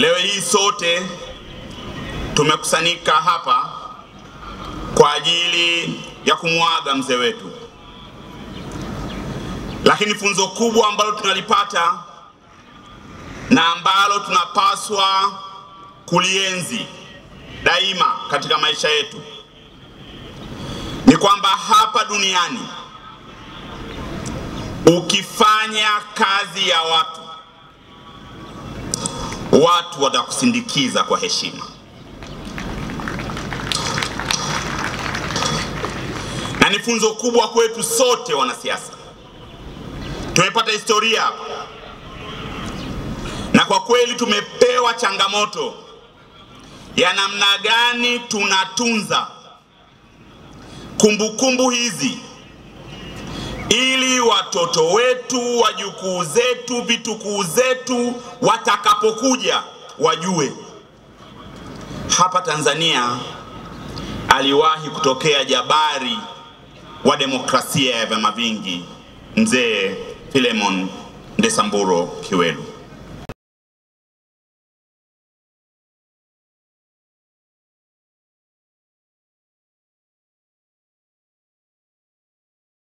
Leo hii sote tumekusanyika hapa kwa ajili ya kumwaga mzee wetu, lakini funzo kubwa ambalo tunalipata na ambalo tunapaswa kulienzi daima katika maisha yetu ni kwamba hapa duniani ukifanya kazi ya watu watu watakusindikiza kwa heshima. Na ni funzo kubwa kwetu sote wanasiasa. Tumepata historia na kwa kweli tumepewa changamoto ya namna gani tunatunza kumbukumbu kumbu hizi ili watoto wetu, wajukuu zetu, vitukuu zetu watakapokuja wajue hapa Tanzania aliwahi kutokea jabari wa demokrasia ya vyama vingi, mzee Philemon Ndesamburo Kiwelu.